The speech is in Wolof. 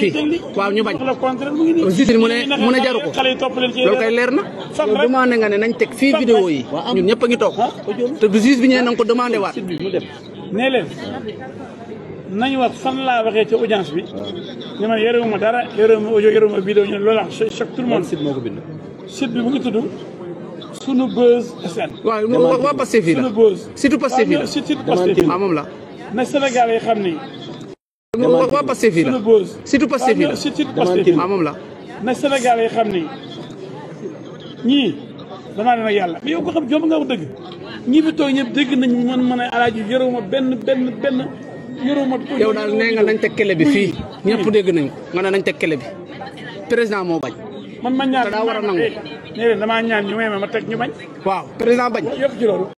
fii waaw ñu bañ justice mu ne jaru ko loolu kay leer na demandé nga ne nañ teg fii vidéo yi ñun ñëpp a ngi toog te du justice bi ñu ne nañ ko demandé waat fan laa waxee ci audience bi ñu man yorewuma dara yorewuma audio yorewuma vidéo ñu loolu wax choc tout le moo ko bind site bi mu ngi tudd sunu buzz sn waaw waa Pastef fii la surtout Pastef fii la ah, moom la na waa Pastef fii la surtout Pastef fii la waaw ah, moom la. na Sénégal yi xam ni ñii damaa leen ak yàlla. mais yow ko xam jom nga dëgg ñii fi toog ñëpp dégg nañ man man ay alaaji yoruma benn benn benn yoruma. yow daal nee nga nañ teg kele bi fii ñëpp dégg nañ ko nga ne nañ teg kele bi président moo bañ. man ma ñaan daa war a nangu. Eh, nee damaa ñaan ñu may ma teg ñu bañ. waaw président bañ. yëpp ci